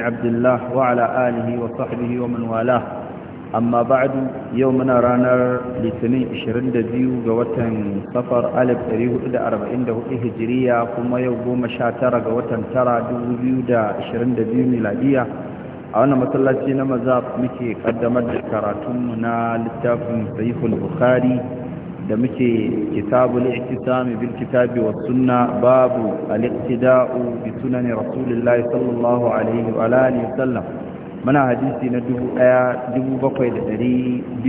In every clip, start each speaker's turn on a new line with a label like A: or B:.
A: عبد الله وعلى آله وصحبه ومن والاه أما بعد يومنا رانا لسنين إشرين دزيو قوتن صفر ألف أريه إلى أربعين ده إهجرية كما يوم شاترة قوتن ترى دوزيو دا إشرين دزيو ميلادية أنا مثلا سينا مزاب مكي قدمت كراتمنا للتافن صحيح البخاري da muke kitabul ihtisami bil kitabi was sunna babu al-iqtida'u bi sunani rasulillahi sallallahu alaihi wa alihi wasallam muna hadisi na 1281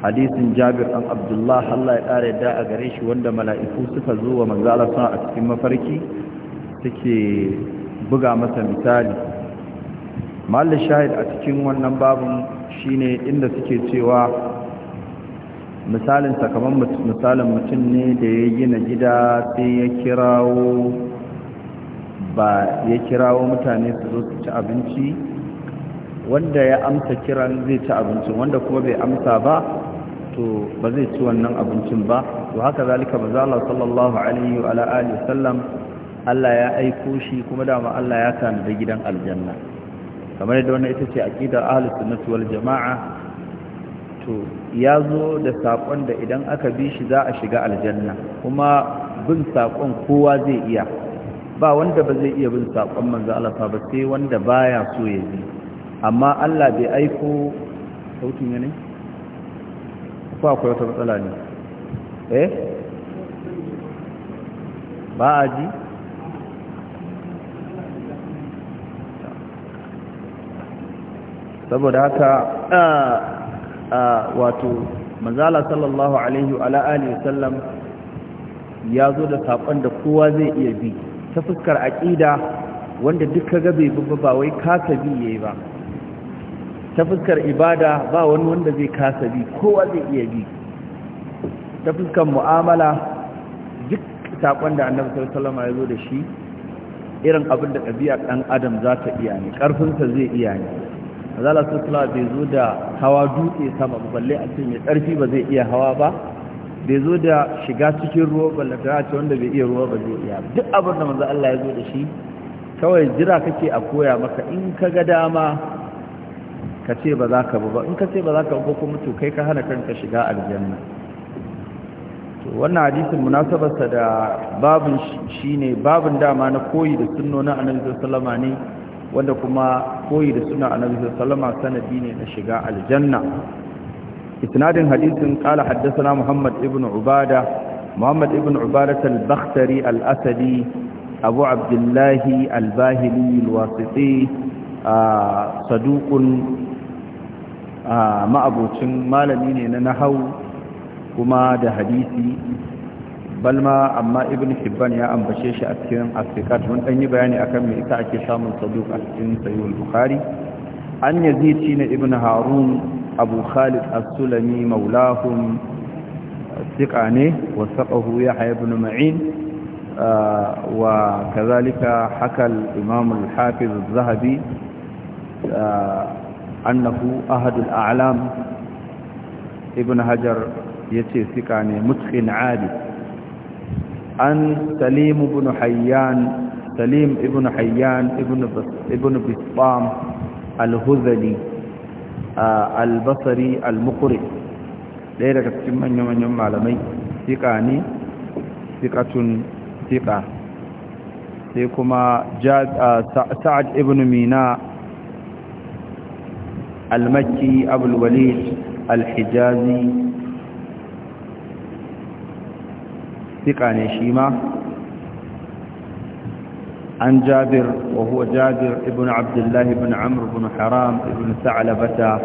A: hadisin Jabir an Abdullah Allah ya kare da a gare shi wanda mala'iku suka zo wa manzo Allah a cikin mafarki take buga masa misali mallan shahid a cikin wannan babun shine inda suke cewa misalin kamar misalin mutum ne da ya gina gida sai ya kirawo ba ya kirawo mutane su zo su ci abinci wanda ya amsa kiran zai ci abincin wanda kuma bai amsa ba to ba zai ci wannan abincin ba to haka zalika manzala sallallahu alaihi wa alihi sallam Allah ya aiko shi kuma dama Allah ya tanada gidan aljanna kamar yadda wannan ita ce aqidar ahlus sunnati wal jama'a to ya zo da saƙon da idan aka bi shi za a shiga aljanna kuma bin saƙon kowa zai iya ba wanda ba zai iya bin saƙon manzo Allah ba sai wanda baya so ya bi amma Allah bai aiko sautin ne ko akwai wata matsala ne eh ba a ji saboda haka ah, wato manzala sallallahu alaihi wa alihi wasallam ya zo da saƙon da kowa zai iya bi ta fuskar aƙida wanda duk kaga bai bubba ba wai kasa bi yayi ba ta fuskar ibada ba wani wanda zai kasa bi kowa zai iya bi ta fuskar mu'amala duk saƙon da annabi sallallahu alaihi ya zo da shi irin abin da ɗabi'ar ɗan adam za ta iya ne ƙarfinsa zai iya ne mazala su suna bai zo da hawa dutse sama balle a cikin mai ƙarfi ba zai iya hawa ba bai zo da shiga cikin ruwa da ce wanda bai iya ruwa ba zai iya duk abin da manzo Allah ya zo da shi kawai jira kake a koya maka in ka ga dama ka ce ba za ka bu ba in ka ce ba za ka bu kuma to kai ka hana kanka shiga aljanna to wannan hadisin munasabarsa da babin shine babin dama na koyi da sunnonin annabi sallallahu alaihi wasallam ne wanda kuma koyi da suna annabi sallama sanadi ne na shiga aljanna isnadin hadisin qala haddathana muhammad ibn ubada muhammad ibn ubada al-bakhtari al-asadi abu abdullah al-bahili al-wasiti saduqun ma'abocin malami ne na nahau kuma da hadisi bal ma amma ibn hibban ya ambace shi a cikin asikat mun dan yi bayani akan me ita ake samun saduq a cikin sahih al-bukhari an yazid shi ne ibn harun abu khalid as-sulami maulahum thiqa ne wa wasaqahu yahya ibn ma'in wa kadhalika haka al-imam al-hafiz az-zahabi annahu ahad al-a'lam ibn hajar yace thiqa ne mutqin 'abid an salim ibn hayyan salim ibn hayyan ibn ibn bisam al-huzali al-basri al-muqri dai daga cikin manyan manyan malamai sika ne sikatun sika sai kuma sa'ad ibn mina al-makki abul al-hijazi ثقة نشيمة عن جابر وهو جابر ابن عبد الله بن عمرو بن حرام ابن ثعلبة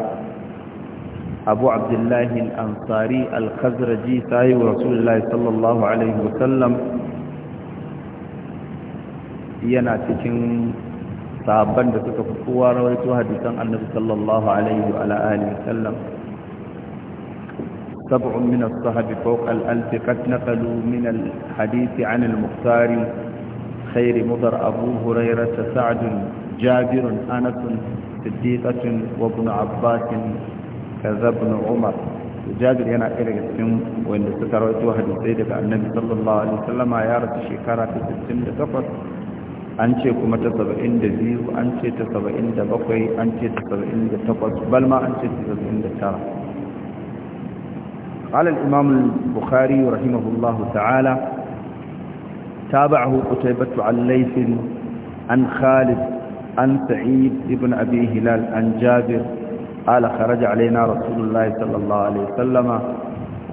A: أبو عبد الله الأنصاري الخزرجي صاحب رسول الله صلى الله عليه وسلم yana cikin sahabban da suka fi kowa rawaito hadisan annabi sallallahu alaihi wa alihi sallam سبع من الصحب فوق الألف قد نقلوا من الحديث عن المختار خير مضر أبو هريرة سعد جابر أنس صديقة وابن عباس كذا ابن عمر jabir yana ɗaya daga cikin wanda suka rawaito hadisai daga annabi sallallahu alaihi wasallam ya rasu shekara ta 68 an ce kuma ta biyu an ce ta bakwai an ce ta takwas balma an ce ta tara. قال الإمام البخاري رحمه الله تعالى تابعه قتيبة عن ليث عن خالد عن سعيد بن أبي هلال عن جابر قال خرج علينا رسول الله صلى الله عليه وسلم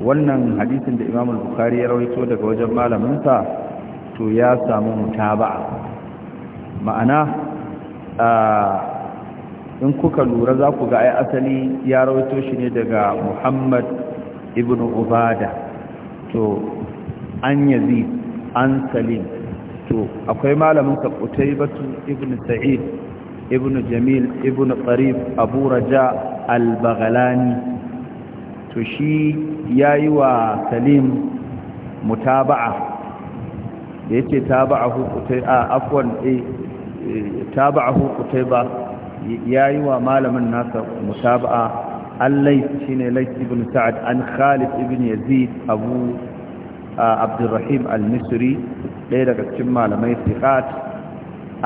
A: wannan hadisin da imamul bukhari ya rawaito daga wajen malaminsa to ya samu mutaba'a ma'ana in kuka lura za ku ga ai asali ya rawaito shi ne daga muhammad ibn ubada to an yazid an salim to akwai malamin ka qutaybatu ibn sa'id ibn jamil ibn qarib abu raja al to shi yi wa salim mutaba'a da yace taba'ahu qutayba afwan eh, eh, ba ya yayi wa malamin nasa mutaba'a an allai shine lais ibn sa'ad an khalid ibn yazid abu uh, abdurrahim al-misri ɗaya daga cikin malamai siqat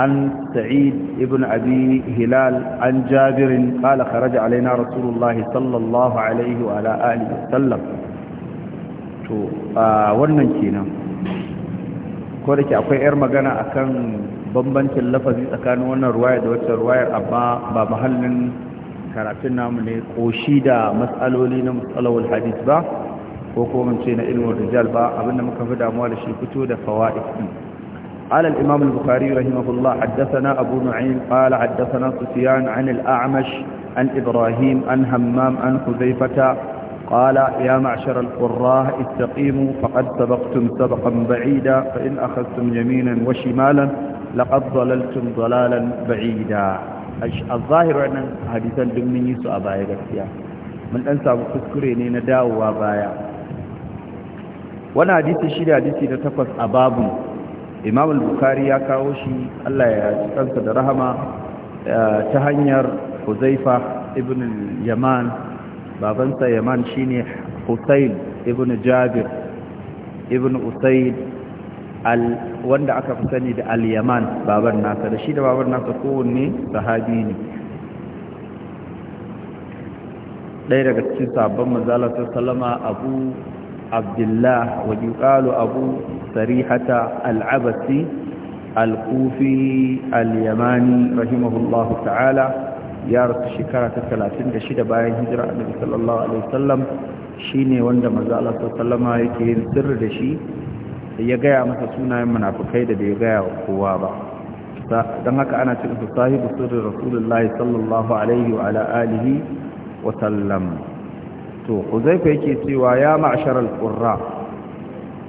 A: an sa'id ibn abi hilal an jabir qala kharaja alaina rasulullahi sallallahu alaihi wa ala alihi wa sallam to uh, wannan kenan ko da ke akwai yar magana a akan bambancin lafazi tsakanin wannan ruwaya da wacce ruwayar amma ba mahallin karatun namu ne koshi da matsaloli na matsalawar hadith ba ko kuma ce na ilmin rijal ba abinda muka fi damuwa da shi fito da fawaid din قال الإمام البخاري رحمه الله حدثنا أبو نعيم قال حدثنا سفيان عن الأعمش عن إبراهيم عن همام عن حذيفة قال يا معشر القراء استقيموا فقد سبقتم سبقا بعيدا فإن أخذتم يمينا وشمالا لقد ضللتم ضلالا بعيدا a zahir wannan hadisan duk mun yi su a baya gaskiya mun dan samu kuskure ne na dawowa baya wani hadisi shi da hadisi na takwas a babu imam al-bukhari ya kawo shi Allah ya kansa da rahama eh, ta hanyar huzaifa ibn yaman babansa yaman shine husayn ibn jabir ibn usayd wanda aka fi sani da al-yaman baban nasa da shi da baban nasa kowanne sahabi ne ɗaya daga cikin sabon mazala salama abu abdullah wajen ƙalo abu sarihata al-abasi al-kufi al-yamani rahimahullahu ta'ala ya rasu shekara ta 36 bayan hijira annabi sallallahu alaihi wasallam shine wanda manzo Allah salama yake yin sirri da shi ya gaya masa sunayen munafukai da bai gaya wa kowa ba don haka ana cikin su sahibu sirri rasulullahi sallallahu alaihi wa ala alihi wa sallam to huzaifa yake cewa ya ma'ashar al-qurra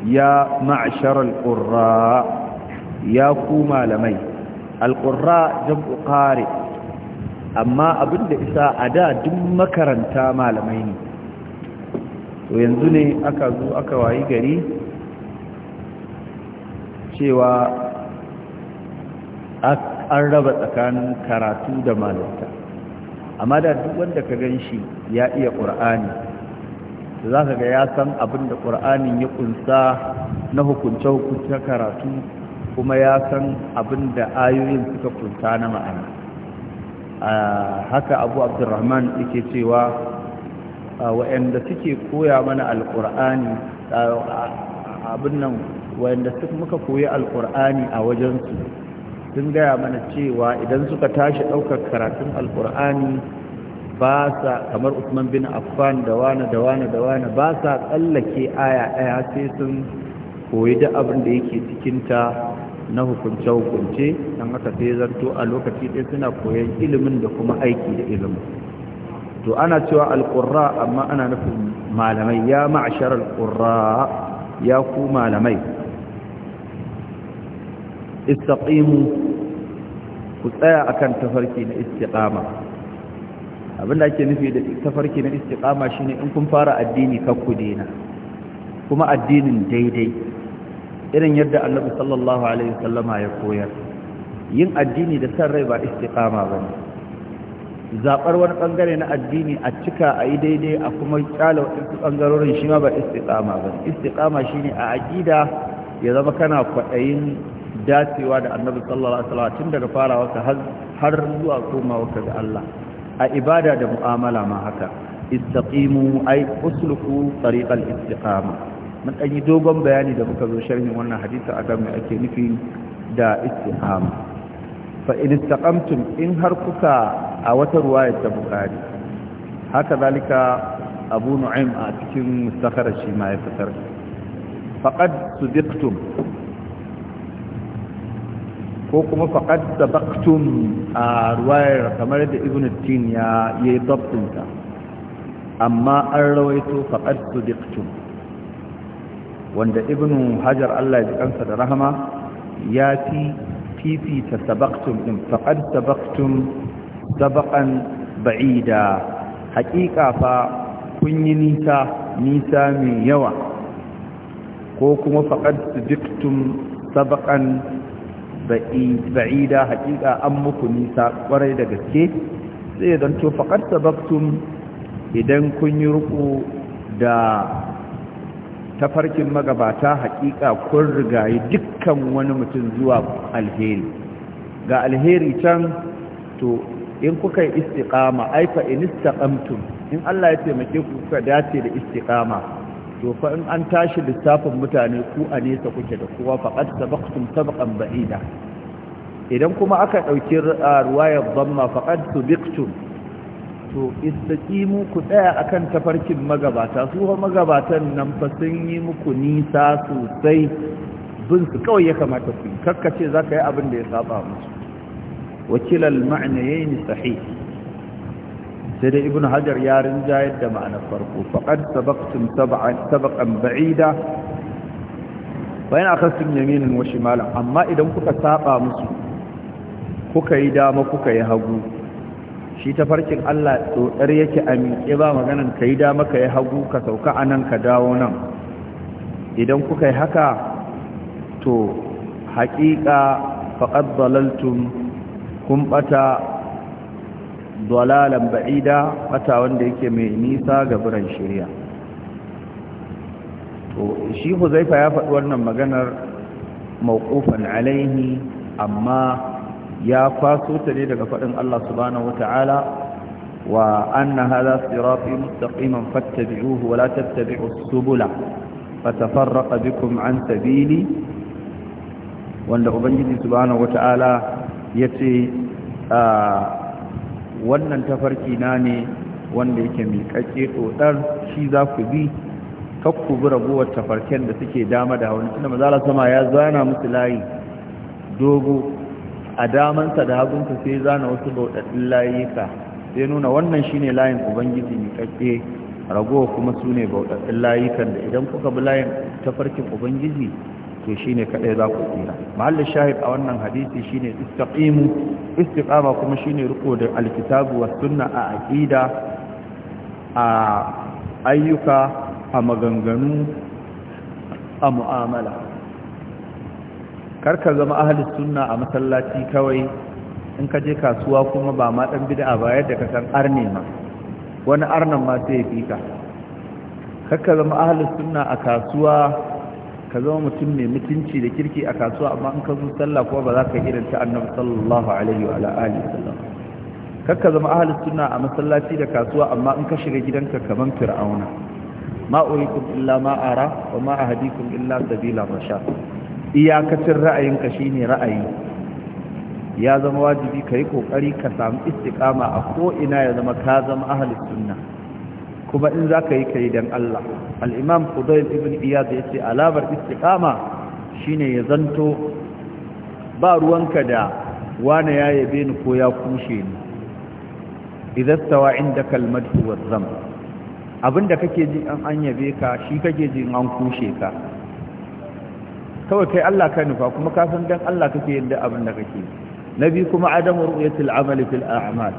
A: ya ma'ashar al-qurra ya ku malamai al-qurra jam'u qari amma abinda isa a da duk makaranta malamai ne to yanzu ne aka zo aka wayi gari cewa an raba tsakanin karatu da malinta amma da duk wanda ka gan shi ya iya ƙur'ani da za ka ga ya san abin da ƙur'anin ya ƙunsa na hukunce-hukunce karatu kuma ya san abin da ayoyin suka ƙunsa na ma'ana haka abu abdurrahman yake cewa waɗanda suke koya mana alƙur'ani abin nan wanda muka koyi alkur'ani a wajensu sun gaya mana cewa idan suka tashi ɗaukar karatun alkur'ani ba sa kamar usman bin affan da wane da wane da ba sa tsallake aya ɗaya sai sun koyi duk abin da yake cikinta na hukunce-hukunce don haka sai zanto a lokaci ɗaya suna koyon ilimin da kuma aiki da ilimin to ana cewa alƙurra amma ana nufin malamai ya ma'ashar alƙurra ya ku malamai istaqimu ku tsaya akan tafarki na istiqama abinda ake nufi da tafarki na istiqama shine in kun fara addini kakku dena kuma addinin daidai irin yadda annabi sallallahu alaihi wasallama ya koyar yin addini da san rai ba istiqama bane zabar wani bangare na addini a cika a yi daidai a kuma kyala wasu bangarorin shi ma ba istiqama bane istiqama shine a aqida ya zama kana kwaɗayin dacewa da annabi sallallahu alaihi wasallam tun daga ka har zuwa komawarsa ga Allah a ibada da mu'amala ma haka istaqimu ay usluku al istiqama mun dan yi dogon bayani da muka zo sharhin wannan hadisi akan me ake nufi da istiqama fa in istaqamtum in har kuka a wata ruwaya ta bukari haka zalika abu nu'aym a cikin mustakhraj shi ma ya fitar faqad sudiqtum ko kuma da sabaqtum a ruwayar kamar da ibn tin ya yi dabtinta amma an rawaito faqad sadiqtum wanda ibn hajar Allah ya kansa da rahama ya fi fifita sabaqtum din faqad sabaqtum sabaqan ba'ida haƙiƙa fa kun yi nisa nisa mai yawa ko kuma faqad sadiqtum sabaqan ba'ida haƙiƙa an muku nisa ƙwarai da gaske sai don to faƙar sababtum idan kun yi ruku da tafarkin magabata haƙiƙa kun rigayi dukkan wani mutum zuwa alheri ga alheri can to in kuka yi istiƙama aifa in istaƙamtum in Allah ya taimake ku kuka dace da istiƙama to fa in an tashi lissafin mutane ku a nesa kuke da kowa faqad sabaqtum sabqan ba'ida idan kuma aka dauki ruwayar dhamma faqad subiqtum to istaqimu ku tsaya akan tafarkin magabata su magabatan nan fa sun yi muku nisa sosai bin su kawai ya kamata ku ce zaka yi abin da ya saba musu wakilal ma'nayayn sahi. sai dai ibn hajar ya rinjayar da ma'anar farko faƙad sabaqtum sabaqan ba'ida in akhastum yaminin wa shimalan amma idan kuka saba musu kuka yi dama kuka yi hagu shi ta farkin Allah tsotsar yake amin ke ba maganan ka yi dama ka yi hagu ka sauka anan, ka dawo nan idan kuka yi haka to haƙiƙa faƙar dalaltum kun ɓata dalalan ba'ida bata wanda yake mai nisa ga biran shirya to shi huzaifa ya faɗi wannan maganar mawqufan alaihi amma ya kwaso ta ne daga faɗin Allah subhanahu wata'ala wa anna hadha sirati mustaqiman fattabi'uhu wa la tattabi'us subula fatafarraqa bikum an sabili wanda ubangiji subhanahu wata'ala yace ah, wannan tafarki na ne wanda yake miƙaƙe ɗoɗar shi za ku bi kakku bi ragowar tafarken da suke dama da hawan tunda mazala sama ya zana musu layi dogo a damansa da hagunsa sai zana wasu layi layika sai nuna wannan shi ne layin ubangiji miƙaƙe raguwa kuma su ne layi layikan da idan kuka bi layin tafarkin ubangiji to ne kaɗai za ku tsira mahallin shahid a wannan hadisi ne istiqimu istiƙama kuma shine riko da alkitabu wa sunna a aƙida a ayyuka a maganganu a mu'amala karka zama ahlus sunna a masallaci kawai in ka je kasuwa kuma ba ma ɗan bid'a a yadda ka san arne ma wani arnan ma sai ya ka karka zama ahlus sunna a kasuwa ka zama mutum mai mutunci da kirki a kasuwa amma in ka zo sallah kuma ba za ka irin ta annabi sallallahu alaihi wa alihi wasallam kar ka zama ahlus sunna a masallaci da kasuwa amma in ka shiga gidanka kaman fir'auna ma illa ma ara wa ma ahdikum illa sabila rashad iyakacin ra'ayinka shine ra'ayi ya zama wajibi ka yi ƙoƙari ka samu istiƙama a ko'ina ya zama ka zama ahalin sunna kuma in za ka yi ka don Allah al'imam kudayl ibn iyad ya ce alamar istikama shine ya zanto ba ruwanka da wane ya yabe ni ko ya kushe ni idan tawa inda kalmatu zam. abinda kake ji an an yabe ka shi kake ji an kushe ka kawai kai Allah ka nufa kuma ka san dan Allah kake yin da abinda kake bi kuma adamu ru'yatil amali fil a'mal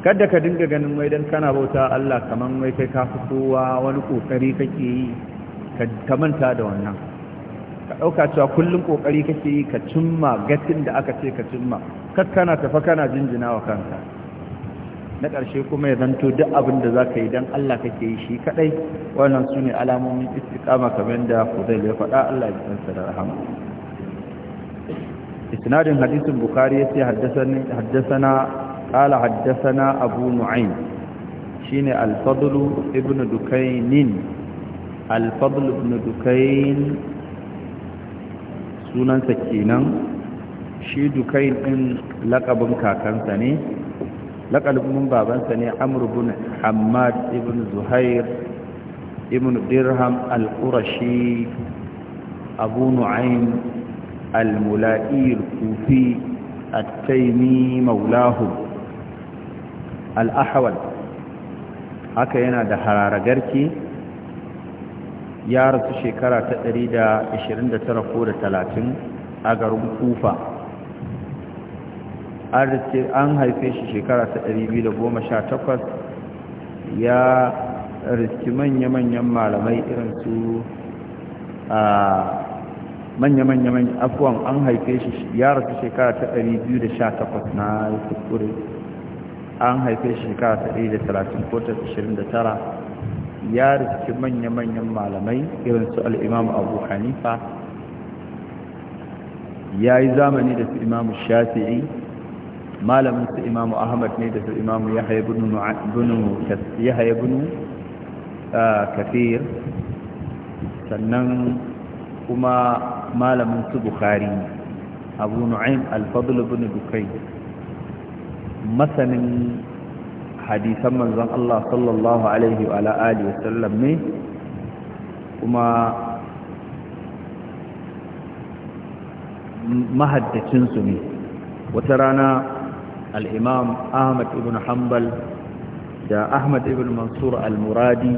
A: kada ka dinga ganin wai dan kana bauta Allah kaman mai kai ka kowa wani kokari kake yi ka manta da wannan ka ɗauka cewa kullum kokari kake yi ka cimma gatin da aka ce ka cimma kar kana tafa kana jinjina wa kanka na ƙarshe kuma ya zanto duk abin da za ka yi don Allah kake yi shi kaɗai wannan su ne alamomin istiƙama kamar da ku zai ya faɗa Allah ya tsansa da rahama isnadin hadisin Bukhari ya ce haddasana قال حدثنا أبو نعيم شين الفضل ابن دكين الفضل ابن دكين سنن سكينا شي دكين إن لقب كاكن سني لقب من بابا سني عمرو بن حماد ابن زهير ابن درهم القرشي أبو نعيم الملائي الكوفي التيمي مولاهم al'ahawal haka yana da hararagarki ya rasu shekara ta 129 ko da 30 a garin kufa an haife shi shekara ta 218 ya riski manya-manyan malamai irin su a manya-manya afuwan an haife shi ya rasu shekara ta 218 na kuskure an haife shekara ta 130 ko ta 29 ya rikici manya-manyan malamai irin su al'imam abu hanifa ya yi zamani da su imamu shafi'i malamin su imamu ahmad ne da su imamu ya haibunu kafir sannan kuma malamin su bukari abu nu'aim alfadul bin dukai masanin hadisan manzon Allah sallallahu alaihi wa alihi wasallam ne kuma mahaddacinsu ne wata rana al'imam ahmad ibn hanbal da ahmad ibn mansur al-muradi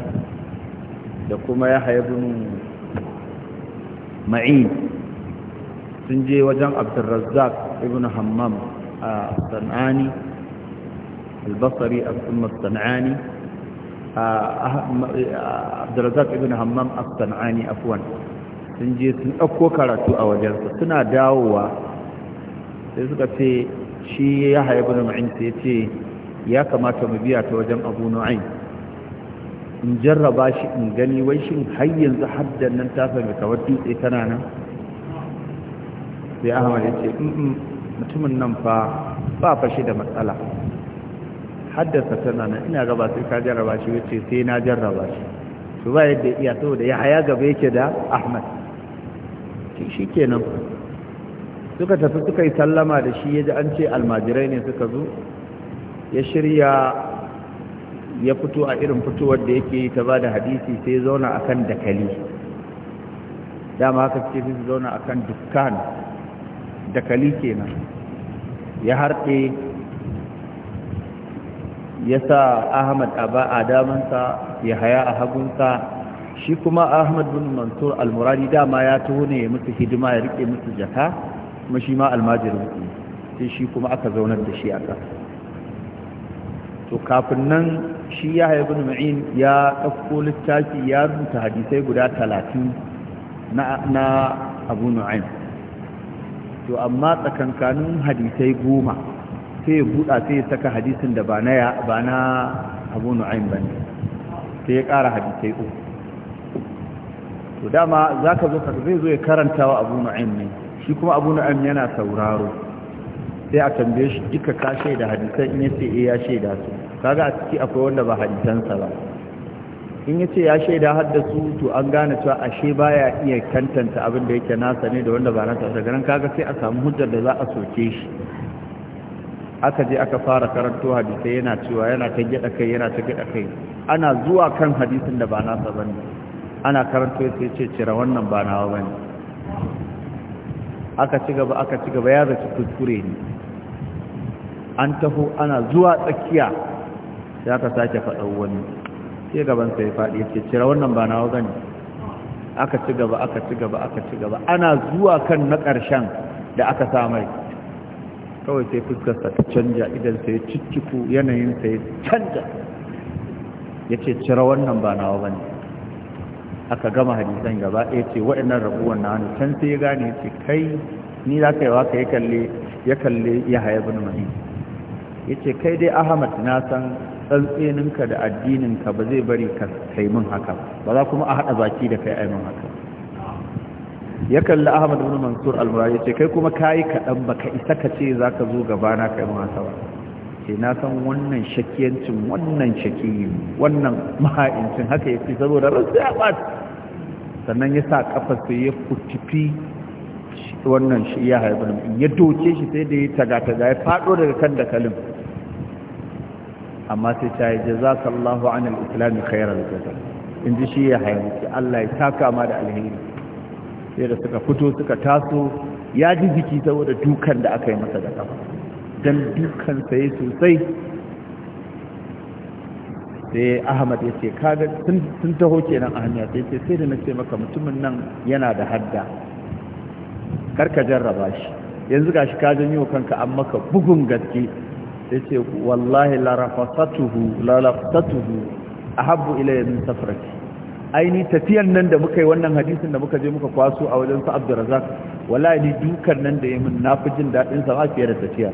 A: da kuma ya haibun ma'in sun je wajen abdurrazzak ibn hammam a san'ani البصري ثم الصنعاني عبد الرزاق ابن همام الصنعاني عفوا sun je sun ɗauko karatu a wajensa suna dawowa sai suka ce shi ya haya bin ma'in sai ce ya kamata mu biya ta wajen abu nu'ain in jarraba shi in gani wai shi har yanzu haddan nan ta sami kamar dutse tana nan sai ahmad ya ce mutumin nan fa ba fashe da matsala haddasa tana nan ina gaba sai ka jarraba shi wuce sai na jarraba shi to ba yadda iya saboda ya haya gaba yake da Ahmad shi kenan suka tafi suka yi sallama da shi yaji an ce almajirai ne suka zo ya shirya ya fito a irin fitowar da yake ta ba da hadisi sai zauna akan dakali dama haka suke su zauna akan dukkan dakali kenan ya harɗe ya sa ahmad a damansa ya haya a hagunsa shi kuma ahmad bin mansur almuradi dama ya taho ne musu hidima ya rike musu jaka kuma shi ma almajirin su sai shi kuma aka zaunar da shi a to kafin nan shi ya haya bin ma'in ya ɗauko littafi ya rubuta hadisai guda talatin na abu nu'aim to amma tsakankanin hadisai goma sai ya buɗa sai ya saka hadisin da ba na ba na ba ne bane sai ya ƙara hadisai uku to dama ka zo zai zo ya karanta wa abu nu'aym ne shi kuma abu nu'aym yana sauraro sai a tambaye shi duka ka shaida hadisan in yace eh ya shaida su kaga a ciki akwai wanda ba hadisansa ba in yace ya shaida haddasu to an gane cewa ashe baya iya tantance abin da yake nasa ne da wanda ba nasa daga nan kaga sai a samu hujjar da za a soke shi aka je aka fara karanto hadisai yana cewa yana ta gida kai yana ta gida kai ana zuwa kan hadisin da ba nasa bane ana karanto sai ce cira wannan ba nawa bane aka ci gaba aka ci gaba ya zaci kuskure ne an taho ana zuwa tsakiya sai aka sake faɗa wani sai gaban sai faɗi ya ce cira wannan ba nawa bane aka ci gaba aka ci gaba aka ci gaba ana zuwa kan na ƙarshen da aka samai kawai sai fuskarsa ta canja idan sai cicciku yanayin sai canja ya ce cira wannan ba nawa ba ne aka gama hadisan gaba ɗaya ce waɗannan rabuwan na can sai ya gane ce kai ni za ka yi waka ya kalle ya kalle ya haya bin mahi ya ce kai dai ahmad na san tsantseninka da addininka ba zai bari ka kai mun haka ba za kuma a haɗa baki da kai a mun haka ya kalli ahmad ibn mansur al-murari ce kai kuma kayi kaɗan baka isa ka ce za ka zo gabana kai masa ba ce na san wannan shakiyancin wannan shakiyin wannan maha'incin haka ya fi saboda rasu ya sannan ya sa sai ya kutufi wannan shi ya haifar ya doke shi sai da ya taga-taga ya faɗo daga kan dakalin amma sai ta yi jazakallahu an al-islami khairar jaza in ji shi ya haifu Allah ya taka ma da alheri sai da suka fito suka taso ya ji jiki saboda dukan da aka yi masa da kafa don dukan sai sosai sai ahmad ya ce kaga sun taho kenan a hanya sai ce sai da na ce maka mutumin nan yana da hadda karka jarraba shi yanzu gashi ka wa kanka an maka bugun gaske sai ce wallahi larafasatuhu larafasatuhu ahabbu ilayya min safrati aini tafiyan nan da muka yi wannan hadisin da muka je muka kwaso a wajen sa Razak? wallahi dukan nan da yayin na fi jin daɗin sa ma fiye da tafiya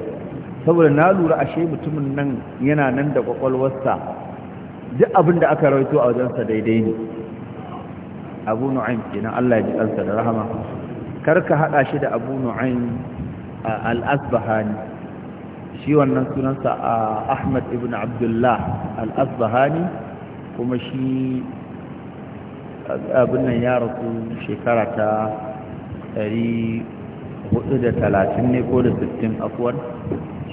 A: saboda na lura ashe mutumin nan yana nan da kwakwalwarsa duk abin da aka rawaito a wajen sa daidai ne Abu Nu'aym kenan Allah ya ji kansa da rahama karka hada shi da Abu Nu'aym al-Asbahani shi wannan sunansa Ahmad ibn Abdullah al-Asbahani kuma shi abin nan ya rasu shekara ta 430 ne ko da 60 akwai.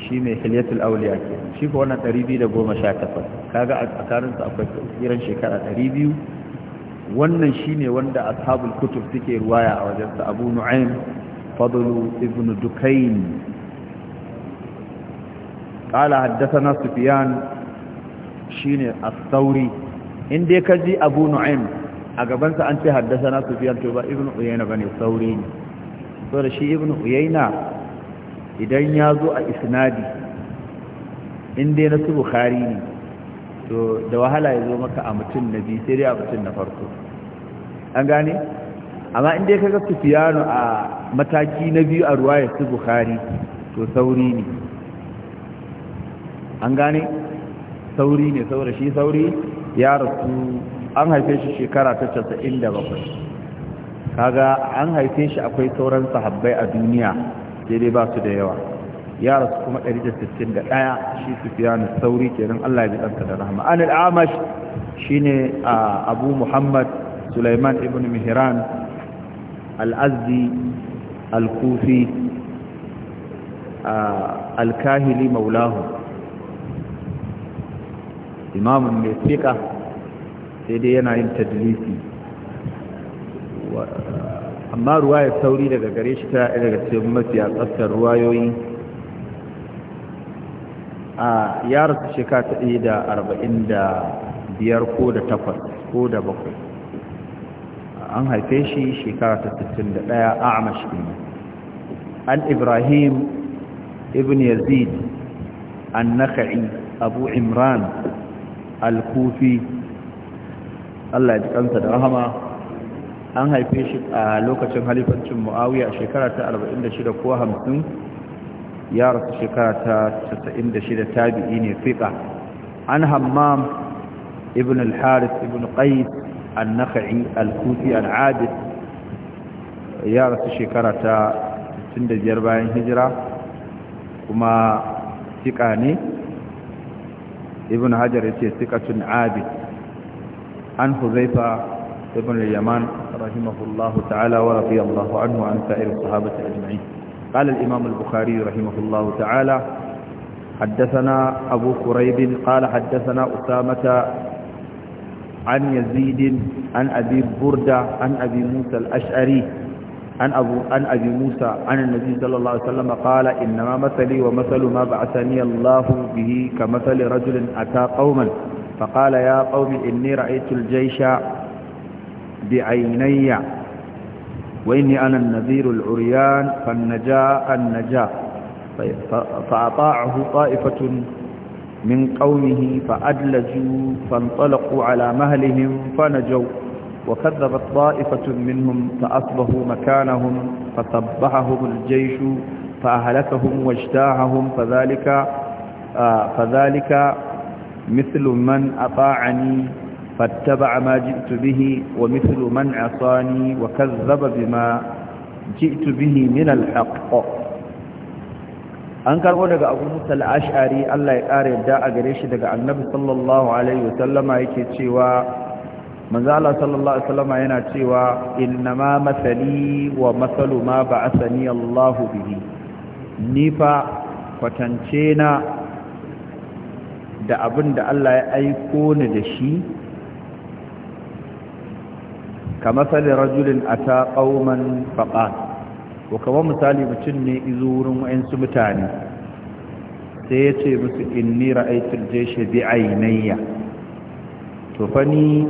A: shi mai hilyatul auliya ke shi ko wannan 218 kaga a tsakaninsu akwai tsiran shekara 200 wannan shi ne wanda ashabul kutub suke ruwaya a wajensa abu nu'aim fadlu ibn dukain قال حدثنا سفيان شين الثوري in dai ka ji abu nu'aim a gabansa an ce haddasa na sufiyar to ba Uyaina uyayna bane sauri ne so da shi ibn uyayna idan ya zo a isnadi in dai na su bukhari ne to da wahala ya zo maka a mutum na biyu sai dai a mutum na farko an gane amma in dai kaga sufiyanu a mataki na biyu a ya su bukhari to sauri ne an gane sauri ne saurashi shi sauri ya rasu an haife shi shekara ta casa'in bakwai kaga an haife shi akwai sauran sahabbai a duniya daidai ba su da yawa ya rasu kuma ɗari da da ɗaya shi sauri kenan Allah ya ji ɗansa da rahama an al'amash shine abu muhammad sulaiman ibn mihran al'azzi al-kufi al-kahili maulahu imamun mai fiƙa sai dai yana yin tadlisi amma ruwaya sauri daga gare shi ta daga cikin a tsaftar ruwayoyi a ya su shekara ta ɗaya da arba'in da biyar ko da takwas ko da bakwai an haife shi shekara ta sittin da ɗaya a amashi an ibrahim ibn yazid an naka'i abu imran al-kufi Allah ya ji kansa da rahama an haife shi a lokacin halifancin muawiya shekara ta 46 ko 50 ya rasu shekara ta 96 tabi'i ne fiqa an hammam ibn al-harith ibn qais an-nakhai al-kufi al-abid ya rasu shekara ta 65 bayan hijira kuma fiqa ne ibn hajar yace fiqatun abid عن حذيفة ابن اليمان رحمه الله تعالى ورضي الله عنه عن سائر الصحابة أجمعين قال الإمام البخاري رحمه الله تعالى حدثنا أبو كريب قال حدثنا أسامة عن يزيد عن أبي بردة عن أبي موسى الأشعري عن, أبو عن أبي موسى عن النبي صلى الله عليه وسلم قال إنما مثلي ومثل ما بعثني الله به كمثل رجل أتى قوما فقال يا قوم إني رأيت الجيش بعيني وإني أنا النذير العريان فالنجاء النجاء طيب، فأطاعه طائفة من قومه فأدلجوا فانطلقوا على مهلهم فنجوا وكذبت طائفة منهم فأصبحوا مكانهم فتبعهم الجيش فأهلكهم واجتاعهم فذلك آه فذلك مثل من أطاعني فاتبع ما جئت به ومثل من عصاني وكذب بما جئت به من الحق an karbo daga abu musa al'ashari allah ya ƙara yadda a gare shi daga annabi sallallahu alaihi sallama yake cewa manzala sallallahu alaihi yana cewa inna ma masali wa masalu ma ba'athani allah bihi ni fa kwatance na da abin da Allah ya aiko ni da shi kama sali rajulin a ta ƙauman faɓa ko kama misali mutum ne izo wurin wa'insu mutane sai ya ce musu inni ra'aitul jeshe bi ainihya to ni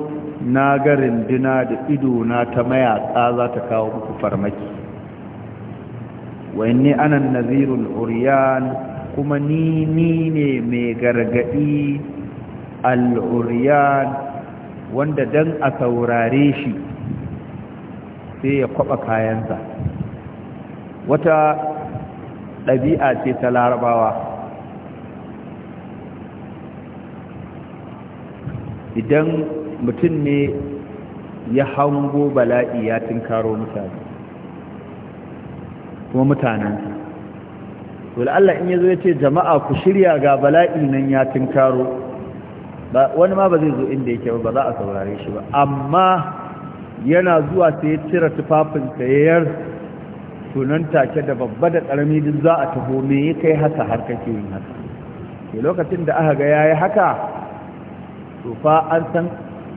A: na ga rindina da idona ta mayaƙa za ta kawo muku farmaki wa inni anan nazirul uriyan kuma ni ni ne mai gargadi al'uriyan wanda dan a saurare shi sai ya kwaba kayansa wata ɗabi'a ce ta larabawa idan mutum ne ya hango bala'i ya tinkaro mutane kuma mutanensa to Allah in yazo yace jama'a ku shirya ga bala'i nan ya tinkaro ba wani ma ba zai zo inda yake ba za a saurare shi ba amma yana zuwa sai ya cire tufafin sayar tunan take da babba da karami duk za a taho me kai haka har kake yin haka ke lokacin da aka ga yayi haka to fa an san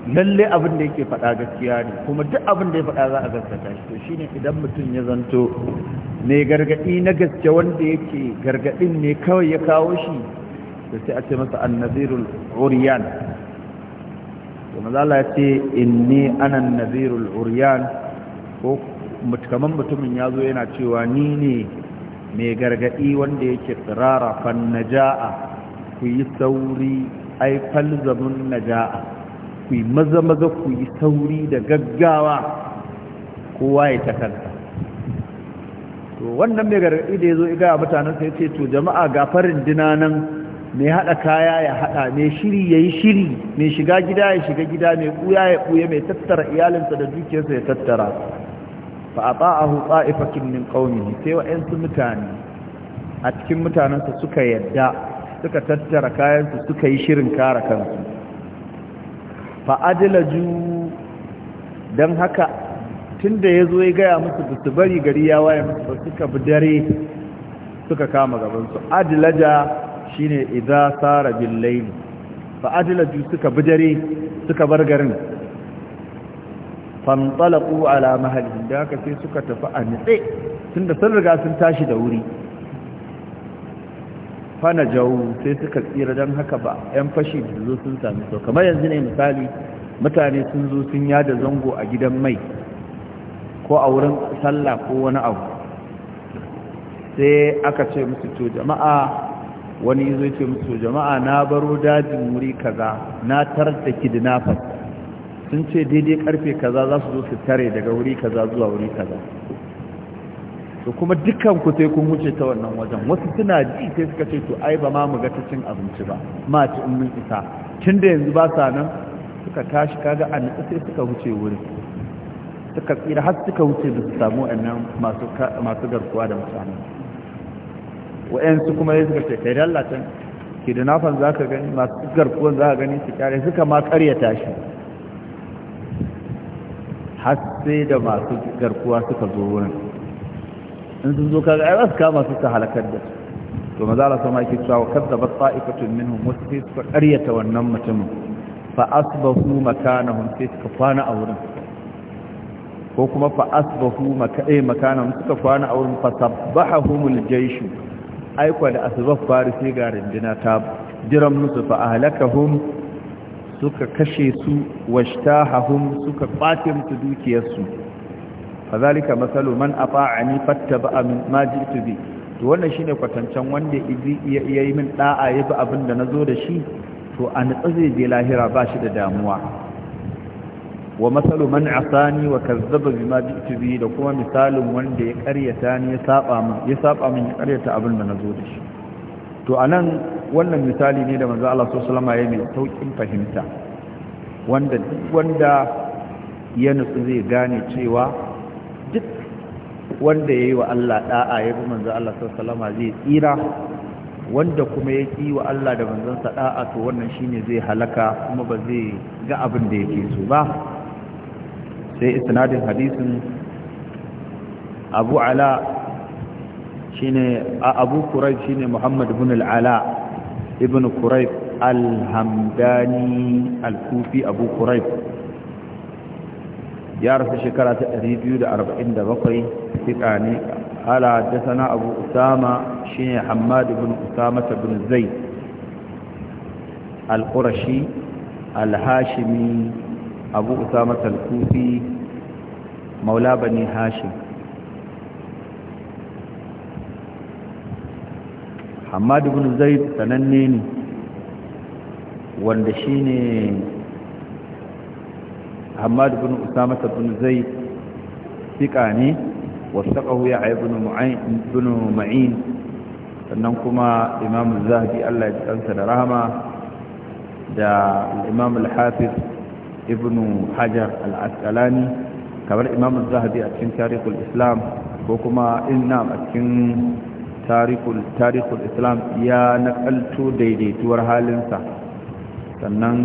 A: lalle abin da yake faɗa gaskiya ne kuma duk abin da ya faɗa za a gaskata shi to shine idan mutum ya zanto ne gargaɗi na gaske wanda yake gargaɗin ne kawai ya kawo shi da sai a ce masa annazirul uriyan to maza Allah ya ce inni ana annazirul uriyan ko kaman mutumin ya zo yana cewa ni ne mai gargaɗi wanda yake tsirara fan fannaja'a ku yi sauri ai falzamun naja'a ku yi maza maza ku yi sauri da gaggawa kowa ya ta kanta to wannan mai gargaɗi da ya zo iga a mutanen sai ce to jama'a ga farin dina nan mai haɗa kaya ya haɗa mai shiri ya yi shiri mai shiga gida ya shiga gida mai ɓuya ya ɓuya, mai tattara iyalinsa da dukiyarsa ya tattara fa a ba'ahu min ƙaunihi sai wa'yansu mutane a cikin mutanensa suka yadda suka tattara kayansu suka yi shirin kare kansu fa'adilaju don haka tun da ya zo ya gaya musu su bari gari ya waye musu ba suka bi dare suka kama gabansu adilaja shi ne idan tsara billaini fa'adilaju suka bi dare suka bar garin ku ala halin da haka sai suka tafi a nitse tun da sun riga sun tashi da wuri fana jawo sai suka tsira don haka ba 'yan fashi da zo sun sami so kamar yanzu ne misali mutane sun zo sun yada zango a gidan mai ko a wurin sallah ko wani abu sai aka ce musu to jama'a wani zo ce musu jama'a na baro dajin wuri kaza na tarta da kidnappers sun ce daidai karfe kaza za su zo su tare daga wuri kaza zuwa wuri kaza to kuma dukkan ku sai kun wuce ta wannan wajen wasu suna ji sai suka ce to ai ba ma mu ga ta cin abinci ba ma ci in mun isa tunda yanzu ba sa nan suka tashi kaga an sai suka wuce wurin suka tsira har suka wuce da su samu annan masu masu garkuwa da mutane wa'ansu kuma ya suka ce kai dallacin ke da nafan za ka gani masu garkuwan za ka gani su kyare suka ma karyata shi har sai da masu garkuwa suka zo wurin in sun zo kaga ai za su kama su ka halakar da su to maza Allah sama yake cewa kadzaba ta'ifatun minhum wasu sai suka ƙaryata wannan mutumin fa asbahu makanahum sai suka kwana a wurin ko kuma fa asbahu makai eh, makanahum suka kwana a wurin fa sabbahumul jaysh aikwa da asbah farisi ga rindina ta jiran musu fa ahlakahum suka kashe su washtahahum suka kwace musu dukiyarsu fazalika masalu man ata'ani fattaba ma ji'tu bi to wannan shine kwatancan wanda izi yayi min da'a yafi abin da nazo da shi to an tsaze je lahira ba shi da damuwa wa masalu man asani wa kazzaba bima ji'tu bi da kuma misalin wanda ya karyata ni ya saba min ya saba min ya karyata abin da nazo da shi to anan wannan misali ne da manzo Allah sallallahu alaihi wasallam ya mai saukin fahimta wanda duk wanda ya nutsu zai gane cewa wanda ya yi wa Allah ɗa'a ya bi manzan Allah sallama zai tsira wanda kuma ya ƙi wa Allah da manzansa ɗa'a to wannan shi ne zai halaka kuma ba zai ga abin da yake so ba sai isnadin hadisin abu ala shine abu kurai shine muhammad ibn al'ala ibn kurai al-hamdani al-kufi abu kurai ya rasu shekara ta 247 fiƙa ne da haddasana abu usama shine hamadu bin usama ibn zaid al-qurashi al-hashimi abu usama al-kufi maula bani hashim hamad ibn zaid sananne ne wanda shi ne. hamad bin usama bin zaid thiqa ne wasaqahu ya a mu'ayn bin ma'in sannan kuma imam zahabi Allah ya kansa da rahama da imam al-hafiz ibn hajar al-asqalani kamar imam zahabi a cikin tarihul islam ko kuma inna a cikin tarihul islam ya nakalto daidaituwar halinsa sannan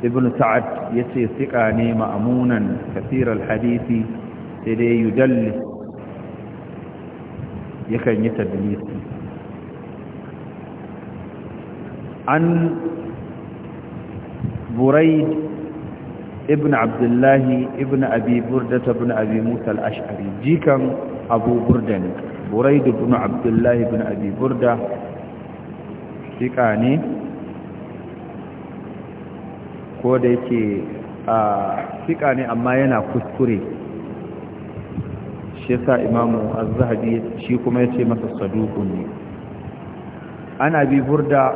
A: ibn sa'ad يسي sika مأمونا ma'amunan kathir hadisi يدل يكن يتدليس عن بريد an buraid ابن عبد الله ابن أبي بردة ابن أبي موسى الأشعري جيكا أبو بردن بريد ابن عبد الله ابن أبي بردة جيكاني ko da yake a fiƙa ne amma yana kuskure shi sa imamu a zahabi shi kuma yace masa saduqun ne ana bi burda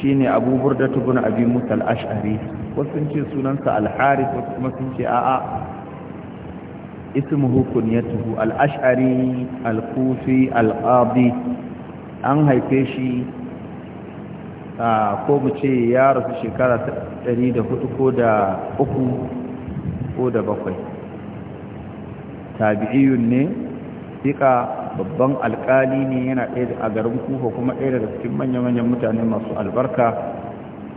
A: shine abu burda tubun abi musal ashari ko sun ce sunansa al-harith kuma sun ce a'a ismuhu kunyatuhu al-ash'ari al-kufi al-qadi an haife shi ko mu ce ya rasu shekara ta ɗari da hudu ko da uku ko da bakwai tabi'iyun ne fika babban alkali ne yana ɗaya a garin kufa kuma ɗaya daga cikin manya-manyan mutane masu albarka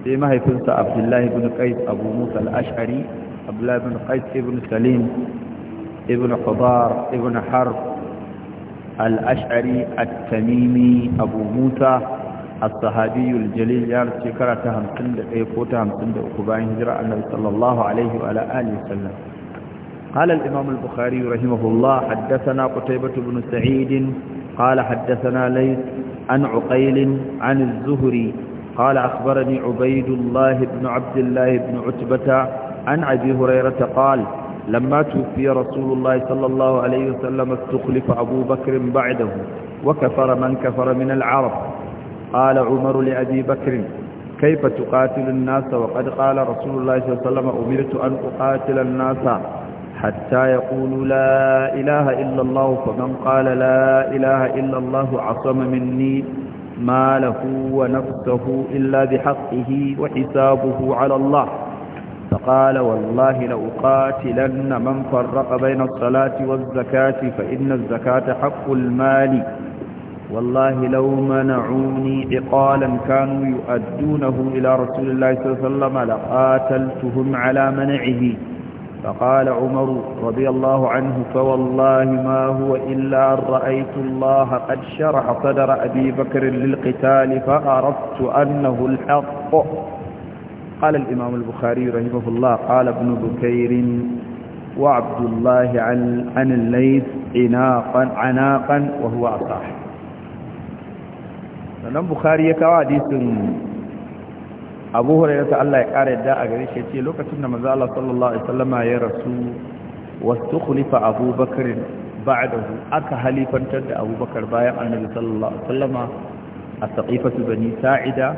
A: sai mahaifinsa abdullahi ibn qais abu musa al-ash'ari abdullahi ibn qais ibn salim ibn qadar ibn har al-ash'ari at-tamimi abu musa الصحابي الجليل يا يعني شكرا تهم سند ايكو تهم سند اكباين هجرة النبي صلى الله عليه وعلى آله وسلم قال الإمام البخاري رحمه الله حدثنا قتيبة بن سعيد قال حدثنا ليس عن عقيل عن الزهري قال أخبرني عبيد الله بن عبد الله بن عتبة عن أبي هريرة قال لما توفي رسول الله صلى الله عليه وسلم استخلف أبو بكر بعده وكفر من كفر من العرب قال عمر لأبي بكر كيف تقاتل الناس وقد قال رسول الله صلى الله عليه وسلم أمرت أن أقاتل الناس حتى يقولوا لا إله إلا الله فمن قال لا إله إلا الله عصم مني ماله ونفسه إلا بحقه وحسابه على الله فقال والله لأقاتلن من فرق بين الصلاة والزكاة فإن الزكاة حق المال والله لو منعوني عقالا كانوا يؤدونه إلى رسول الله صلى الله عليه وسلم لقاتلتهم على منعه فقال عمر رضي الله عنه فوالله ما هو إلا أن رأيت الله قد شرح صدر أبي بكر للقتال فأردت أنه الحق قال الإمام البخاري رحمه الله قال ابن بكير وعبد الله عن, عن الليث عناقا, عناقا وهو أصح sannan bukhari ya kawo hadisin abu hurairah ta Allah ya kare yadda a gare shi ce lokacin da manzo Allah sallallahu alaihi wasallama ya rasu wasu wastukhlifa abubakar ba'dahu aka halifantar da abubakar bayan annabi sallallahu alaihi wasallama a saqifatu bani sa'ida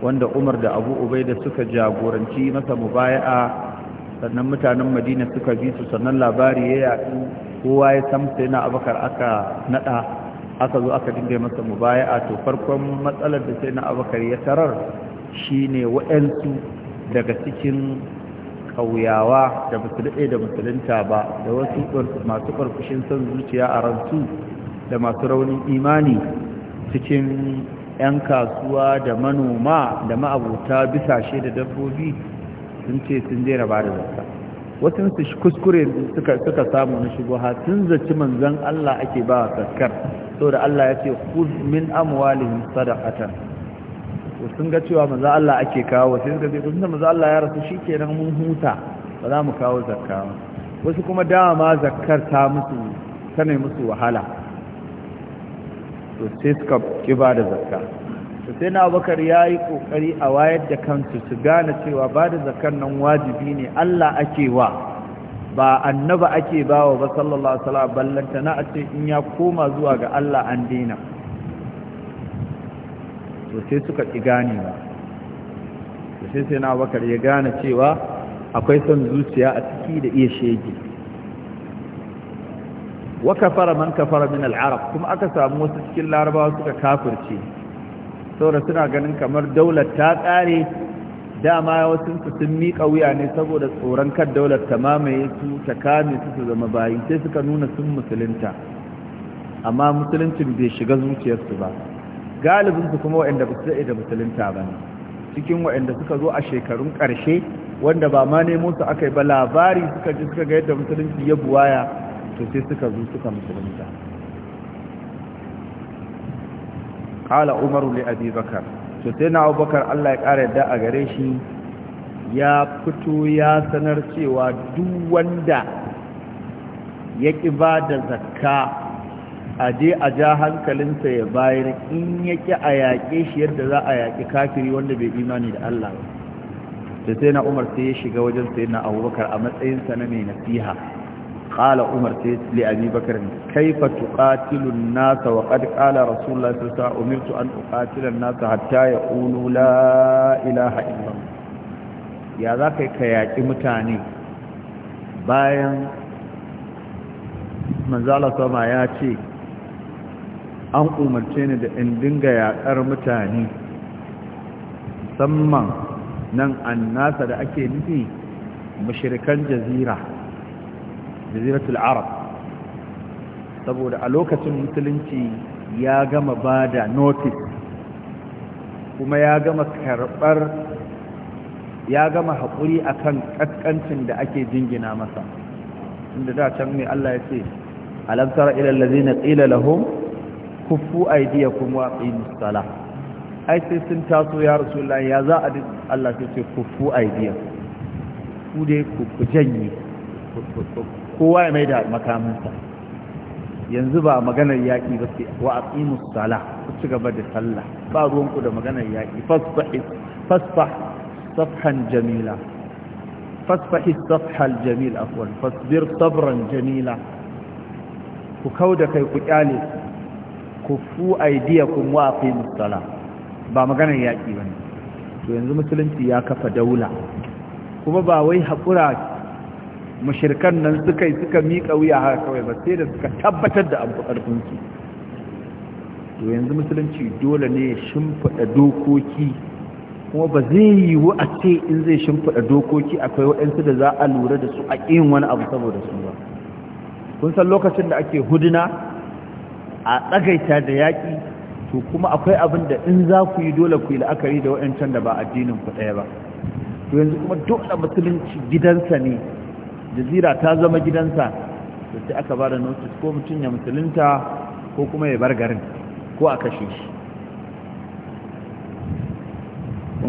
A: wanda Umar da Abu ubai da suka jagoranci masa mu baya a sannan mutanen Madina suka bi su sannan labari ya yaɗu kowa ya samsa sai na Abubakar aka nada aka zo aka dinga masa mubaya'a to farkon matsalar da sai na abakar ya tarar shine waɗansu daga cikin ƙauyawa da daɗe da musulunta ba da wasu masu ƙarfushin son zuciya a ransu da masu raunin imani cikin 'yan kasuwa da manoma da ma'abuta bisa shi da dabbobi sun ce sun daina ba da zarta wasu kuskure suka suka samu na shigo ha tun zaci manzan Allah ake ba zakkar da Allah ya ce khudh min amwalihim sadaqata to sun ga cewa manzan Allah ake kawo sai suka ce tunda manzan Allah ya rasu shikenan mun huta ba za mu kawo zakka ba wasu kuma dama zakkar ta musu ta musu wahala to sai suka kiba da zakka to sai na bakar ya yi ƙoƙari a wayar da kansu su gane cewa ba da zakar nan wajibi ne Allah ake wa ba annaba ake bawa ba sallallahu alaihi wasallam ballanta na a ce in ya koma zuwa ga Allah an daina to sai suka ki ganewa to sai sai na bakar ya gane cewa akwai son zuciya a ciki da iya shege wa kafara man kafara min al-arab kuma aka samu wasu cikin larabawa suka kafirce saboda suna ganin kamar daular ta tsare dama wasu su sun miƙa wuya ne saboda tsoron kan daular ta mamaye su ta kame su su zama bayi sai suka nuna sun musulunta amma musuluncin bai shiga zuciyarsu ba galibin su kuma waɗanda ba su da musulunta ba ne cikin waɗanda suka zo a shekarun ƙarshe wanda ba ma nemo su aka yi ba labari suka ji suka ga yadda musulunci ya buwaya to sai suka zo suka musulunta kala umar li abi bakar to sai na abubakar Allah ya kare yadda a gare shi ya fito ya sanar cewa duk wanda ya ki ba da zakka a je a ja hankalinsa ya bayar in ya ki a yaƙe shi yadda za a yaƙi kafiri wanda bai imani da Allah ba sai na umar sai ya shiga wajen sai na abubakar a matsayinsa na mai nasiha قال عمر تيت لأبي بكر كيف تقاتل الناس وقد قال رسول الله صلى الله عليه وسلم أمرت أن أقاتل الناس حتى يقولوا لا إله إلا الله يا ذاك كياك متاني باين من زال سما ياتي an umarce ni da in dinga yaƙar mutane musamman nan annasa da ake nufi mashirikan jazira jaziratul arab saboda a lokacin musulunci ya gama ba da notice kuma ya gama karɓar ya gama haƙuri akan ƙasƙancin da ake jingina masa inda da can mai Allah ya ce alam tara ila allazina qila lahum kuffu aydiyakum wa aqimus ai sai sun taso ya rasulullahi ya za a Allah sai ce kuffu aydiyakum ku dai ku janye kowa ya mai da makaminsa yanzu ba maganar yaƙi ba ce wa a ƙimus musala." ku ci gaba da sallah ba ruwanku da maganar yaƙi fasfah safhan jamila fasfahi safhal jamil afwan fasbir sabran jamila ku kau da kai ku kyale ku fu aidiyakum wa a aqimus musala. ba maganar yaƙi ba ne. to yanzu musulunci ya kafa daula kuma ba wai haƙura mushirkan nan suka yi suka miƙa wuya haka kawai ba sai da suka tabbatar da abu ƙarfinsu to yanzu musulunci dole ne shimfiɗa dokoki kuma ba zai yiwu a ce in zai shimfiɗa dokoki akwai waɗansu da za a lura da su a ƙin wani abu saboda su ba kun san lokacin da ake huduna a tsagaita da yaƙi to kuma akwai abin da in za ku yi dole ku yi la'akari da waɗancan da ba addinin ku ɗaya ba to yanzu kuma dole musulunci gidansa ne jazira ta zama gidansa da sai aka ba da notice ko mutum ya musulunta ko kuma ya bar garin ko a kashe shi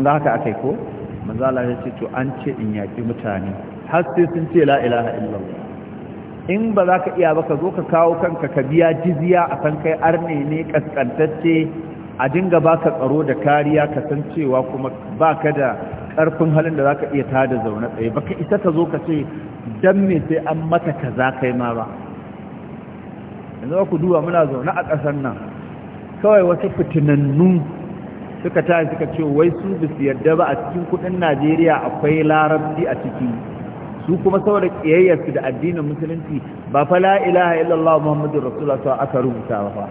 A: ga haka aka yi ko manzala ya ce to an ce in yaƙi mutane har sai sun ce la ilaha illallah in ba za ka iya ba ka zo ka kawo kanka ka biya jiziya a kan kai arne ne kaskantacce a dinga ba ka tsaro da kariya ka san cewa kuma ba ka da ƙarfin halin da za ka iya tada zaune tsaye ba ka isa ka zo ka ce don me sai an mata kaza kai ma ba yanzu ku duba muna zaune a ƙasar nan kawai wasu fitinannu suka tashi suka ce wai su bisu yarda ba a cikin kudin najeriya akwai larabci a ciki su kuma saboda ƙiyayyarsu da addinin musulunci ba fa la ilaha illallah muhammadu rasulullah sau aka rubuta ba fa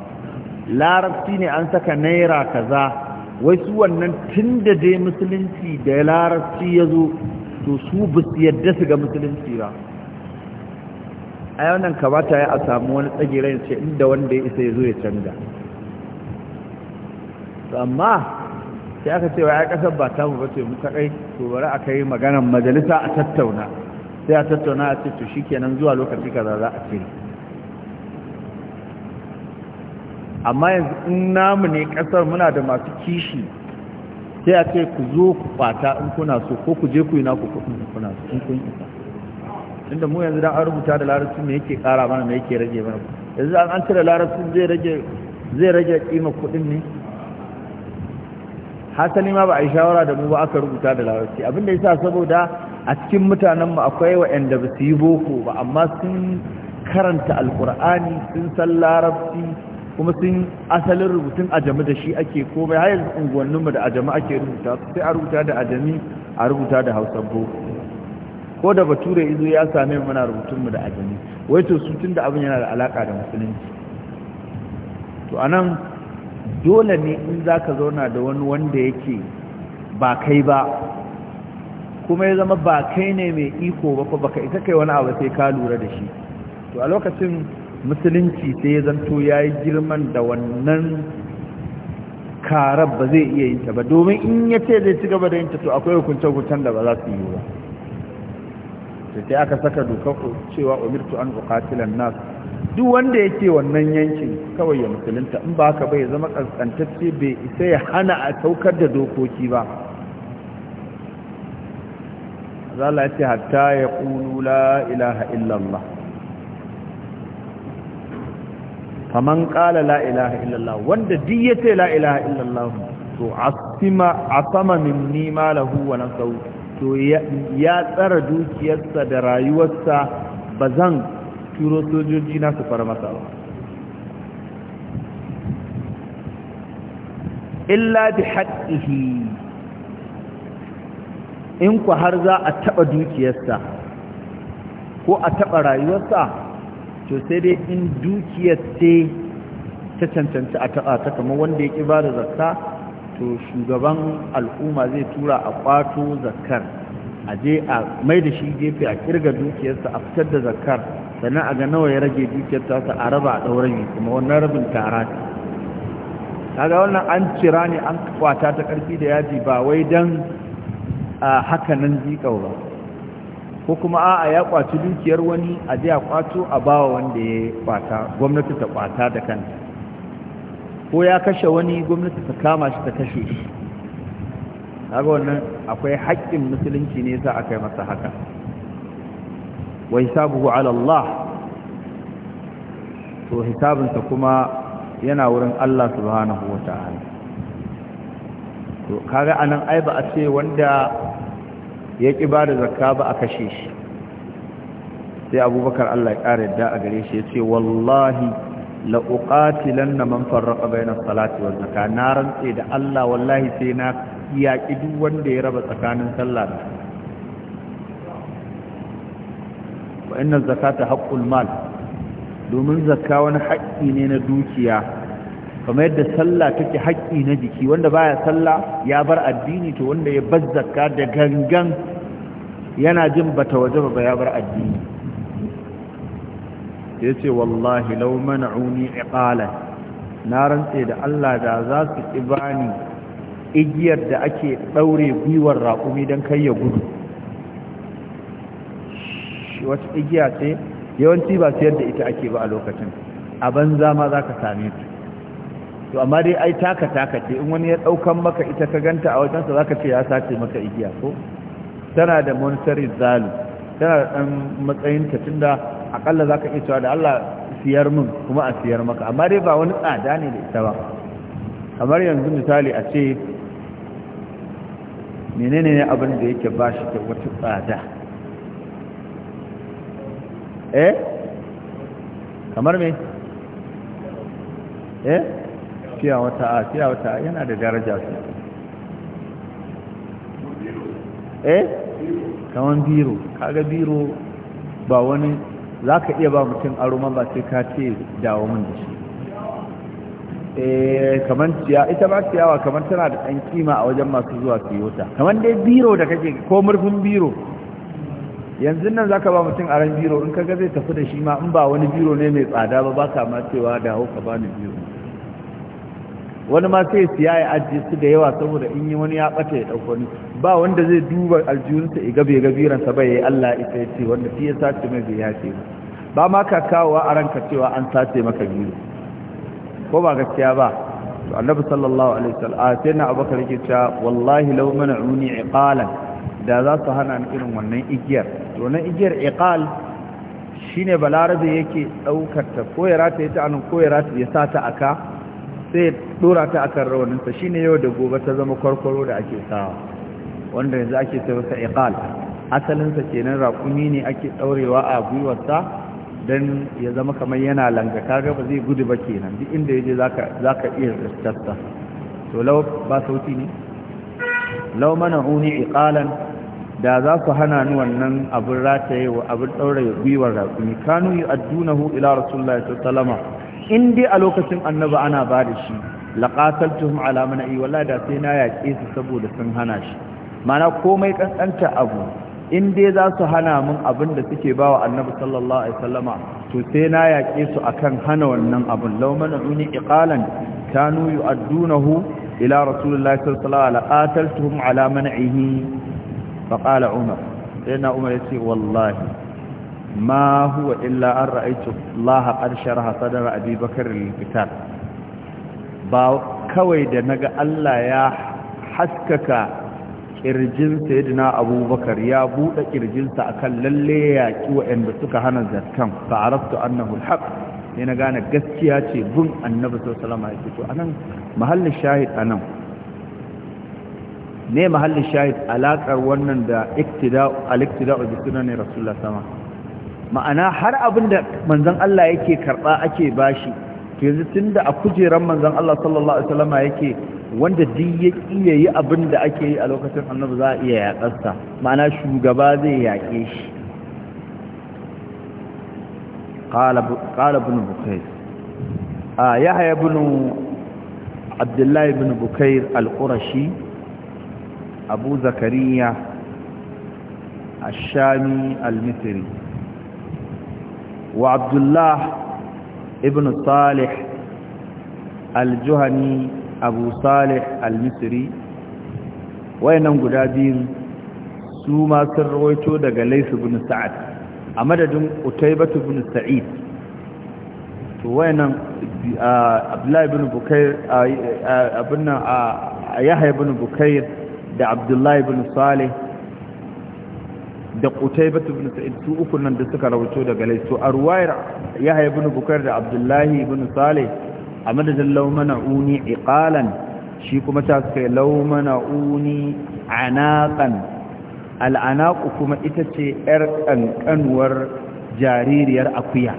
A: larabci ne an saka naira kaza wai su wannan tun da dai musulunci da larabci ya zo to su ba su yadda su ga musulunci ba a yawan kamata ya a samu wani tsagirai ce inda wanda ya isa ya zo ya canza amma sai aka ce wa ya kasar ba ta ba ce mu kaɗai to bari aka yi maganar majalisa a tattauna sai a tattauna a ce to shi kenan zuwa lokaci kaza za a ce amma yanzu in namu ne kasar muna da masu kishi sai a ce ku zo ku fata in kuna so ko ku je ku yi naku kuɗin in kuna so in kun isa inda mu yanzu dan an rubuta da larabci me yake ƙara mana me yake rage mana yanzu an an cire larabci zai rage zai rage kima kuɗin ne hasali ma ba a yi shawara da mu ba aka rubuta da larabci abin da yasa saboda a cikin mutanen mu akwai wa'anda ba su yi boko ba amma sun karanta alkur'ani sun san larabci kuma sun asalin rubutun ajami da shi ake komai har unguwanninmu da ajami ake rubuta sai a rubuta da ajami a rubuta da hausa boko ko da bature izo ya same mana rubutunmu da ajami wai to su tun da abin yana da alaka da musulunci to anan dole ne in za ka zauna da wani wanda yake ba kai ba kuma ya zama ba kai ne mai iko ba ko baka ita kai wani abu sai ka lura da shi to a lokacin musulunci sai ya zanto ya yi girman da wannan karar ba zai iya yin ta ba domin in ya ce zai ci gaba da yin ta to akwai hukuncen hukuncen da ba za su yi ba sai aka saka dokar cewa umirtu an uqatilan nas duk wanda yake wannan yankin kawai ya musulunta in ba haka bai zama kaskantacce bai isa ya hana a saukar da dokoki ba zala ya ce hatta ya ƙulu la ilaha faman qala la ilaha illallah wanda duk yace la ilaha illallah to asima asama minni malahu wa nasahu to ya tsara dukiyarsa da rayuwarsa ba zan turo sojoji na su fara masa ba illa bi haqqihi in ku har za a taɓa dukiyarsa ko a taɓa rayuwarsa to sai dai in dukiyar ce ta cancanci a taɓa kamar wanda ya ƙi ba da zakka to shugaban al'umma zai tura a ƙwato zakar a je a mai da shi gefe a kirga dukiyarsa a fitar da zakkar sannan a ga nawa ya rage dukiyar ta a raba a ɗaurin yi kuma wannan rabin tara ne kaga wannan an cira ne an kwata ta ƙarfi da yaji ba wai don a hakanan zikau ba ko kuma a'a ya kwaci dukiyar wani a je a kwato a bawa wanda ya kwata gwamnati ta kwata da kanta ko ya kashe wani gwamnati ta kama shi ta kashe shi kaga wannan akwai haƙƙin musulunci ne za a kai masa haka wa hisabuhu ala Allah to hisabinsa kuma yana wurin Allah subhanahu wata'ala to kaga anan ai ba a ce wanda ya ƙi ba da zakka ba a kashe shi sai abubakar allah ya ƙara yadda a gare shi ya ce wallahi la'uƙatilan na man farraƙa bayanan salati wa zakka na rantse da allah wallahi sai na yaƙi duk wanda ya raba tsakanin sallah da wa inna zakata haqqul mal domin zakka wani haƙƙi ne na dukiya kamar yadda sallah take haƙƙi na jiki wanda baya sallah ya bar addini to wanda ya bazzaka da gangan yana jin bata waje ba ya bar addini ya ce wallahi lau mana'uni iqalan na rantse da Allah da za su ibani igiyar da ake daure gwiwar raƙumi don kai ya gudu wata igiya ce yawanci ba sayar da ita ake ba a lokacin a banza ma za ka same ta to amma dai ai taka taka ce in wani ya daukan maka ita ka ganta a wajensa zaka ce ya sace maka igiya ko tana da monetary value tana da dan matsayin ta tunda akalla zaka iya cewa da Allah siyar min kuma a siyar maka amma dai ba wani tsada ne da ita ba kamar yanzu misali a ce menene ne abin da yake ba shi da wata tsada eh kamar me eh fiya wata a fiya wata a yana da daraja su eh kawan biro kaga biro ba wani za ka iya ba mutum aro ma ba sai ka ce dawo min da shi eh kamar ciya ita ba ciyawa kamar tana da ɗan kima a wajen masu zuwa su yi wuta kamar dai biro da kake ko murfin biro yanzu nan zaka ba mutum aron biro in kaga zai tafi da shi ma in ba wani biro ne mai tsada ba ba ka ma cewa dawo ka bani biro wani ma sai siya ya ajiye su da yawa saboda in yi wani ya bata ya dauko ni ba wanda zai duba aljihunsa ya gabe gabiransa bai yayi Allah ita ce wanda shi ya sace mai bai ce ba ma ka kawowa a ranka cewa an sace maka biyu ko ba gaskiya ba to annabi sallallahu alaihi wasallam sai na abubakar yake cewa wallahi law man'uni iqalan da za su hana ni irin wannan igiyar to nan igiyar iqal shine balarabe yake daukar ta ko ya rata ta anan ko ya sata aka sai dora ta akan sa, shine yau da gobe ta zama kwarkwaro da ake sawa wanda yanzu ake sai wasa iqal asalinsa kenan raƙumi ne ake ɗaurewa a gwiwarsa don ya zama kamar yana langa ga ba zai gudu ba kenan duk inda yaje zaka zaka iya ristasta to law ba sauti ne law uni iqalan da za ku hana ni wannan abin rataye wa abin daure gwiwar rakumi kanu yu'addunahu ila rasulullahi sallallahu alaihi in dai a lokacin annaba ana ba da shi laƙasaltuhum ala mana'i wala da sai na yaƙe su saboda sun hana shi mana komai kankanta abu in dai za su hana mun abin da suke ba wa annabi sallallahu alaihi wasallama to sai na yaƙe su akan hana wannan abin law iƙalan iqalan kanu yu'addunahu ila rasulillahi sallallahu alaihi wasallam ala mana'ihi faqala umar sai na umar ya ce wallahi ma huwa illa an رأيت الله قد شرح صدر أبي بكر للقتال ba kawai da naga Allah ya haskaka kirjin sayyidina abubakar ya bude kirjinsa akan lalle ya ki wa'anda suka hana zakkan fa araftu annahu alhaq sai na gane gaskiya ce bin annabi sallallahu alaihi wasallam anan mahallin shahid anan ne mahallin shahid alakar wannan da iktida'u al-iktida'u bi sunnati rasulullah sallallahu alaihi wasallam ma'ana har abin da manzon Allah yake karba ake bashi to yanzu tunda a kujeran manzon Allah sallallahu alaihi wasallama yake wanda diya ya iya yi abin da ake yi a lokacin annabi za a iya yaƙarsa ma'ana shugaba zai yaƙe shi ƙala bin a ya haya bin abdullahi bin bukair al'urashi abu zakariya Shami al-misri وعبد الله ابن صالح الجهني أبو صالح المصري wayannan guda biyun su ma sun rawaito daga laisu bin sa'ad a madadin utaibatu bin sa'id to wayannan abdullahi bin bukair yahya bin bukair da abdullahi bin salih da Qutaybah ibn Sa'id su uku nan da suka rawato daga lai to a ruwayar Yahya ibn Bukair da Abdullahi ibn Saleh a madadin law uni iqalan shi kuma ta suka law uni anaqan al-anaq kuma ita ce yar ƙanƙanwar jaririyar akuya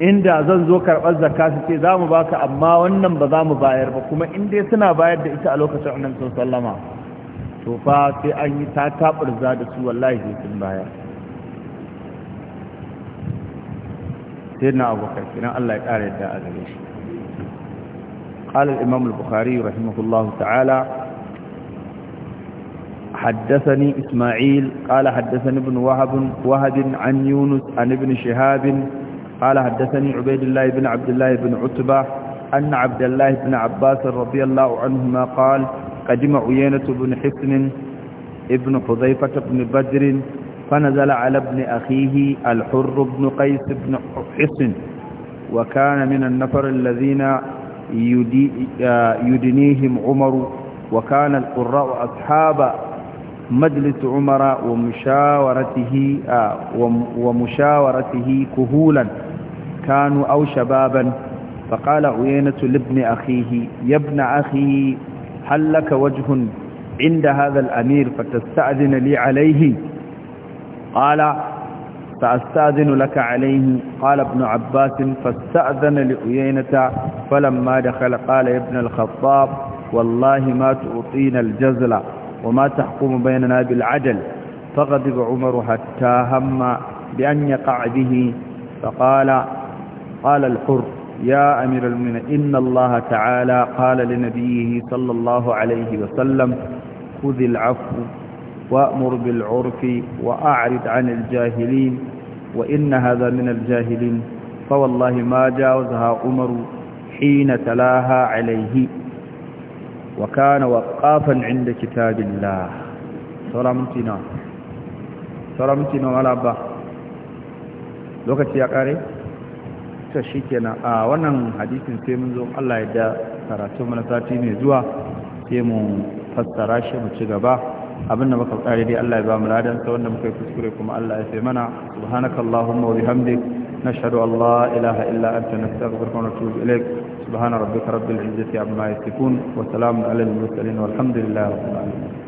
A: inda zan zo karbar zakati ce zamu baka amma wannan ba zamu bayar ba kuma inda suna bayar da ita a lokacin annabi sallallahu alaihi wasallama to fa sai an yi ta tabar za da su wallahi sai sun baya sai na abokan kiran Allah ya ƙara yadda a gare shi قال الإمام البخاري رحمه الله تعالى حدثني إسماعيل قال حدثني ابن وهب وهب عن يونس عن ابن شهاب قال حدثني عبيد الله بن عبد الله بن عتبة أن عبد الله بن عباس رضي الله عنهما قال قدم عيينة بن حسن ابن حذيفة بن بدر فنزل على ابن أخيه الحر بن قيس بن حسن وكان من النفر الذين يدنيهم عمر وكان القراء أصحاب مجلس عمر ومشاورته آه، ومشاورته كهولا كانوا أو شبابا فقال عيينة لابن أخيه يا ابن أخي هل لك وجه عند هذا الأمير فتستأذن لي عليه قال فأستأذن لك عليه قال ابن عباس فاستأذن لأيينة فلما دخل قال يا ابن الخطاب والله ما تعطينا الجزل وما تحكم بيننا بالعدل فغضب عمر حتى هم بأن يقع به فقال قال الحر يا أمير المؤمنين إن الله تعالى قال لنبيه صلى الله عليه وسلم خذ العفو وأمر بالعرف وأعرض عن الجاهلين وإن هذا من الجاهلين فوالله ما جاوزها عمر حين تلاها عليه وكان وقافا عند كتاب الله سلامتنا سلامتنا على أبا لوكتي يا قارئ ta shi kenan a wannan hadisin sai mun zo Allah ya da karatu mana sati mai zuwa sai mu fassara shi mu ci gaba abin da muka tsare dai Allah ya ba mu ladan sa wanda muka yi kuskure kuma Allah ya sai mana subhanakallahumma wa bihamdik nashhadu an la ilaha illa
B: anta nastaghfiruka wa natubu ilaik subhana rabbika rabbil izzati amma yasifun wa salamun alal mursalin walhamdulillahi rabbil alamin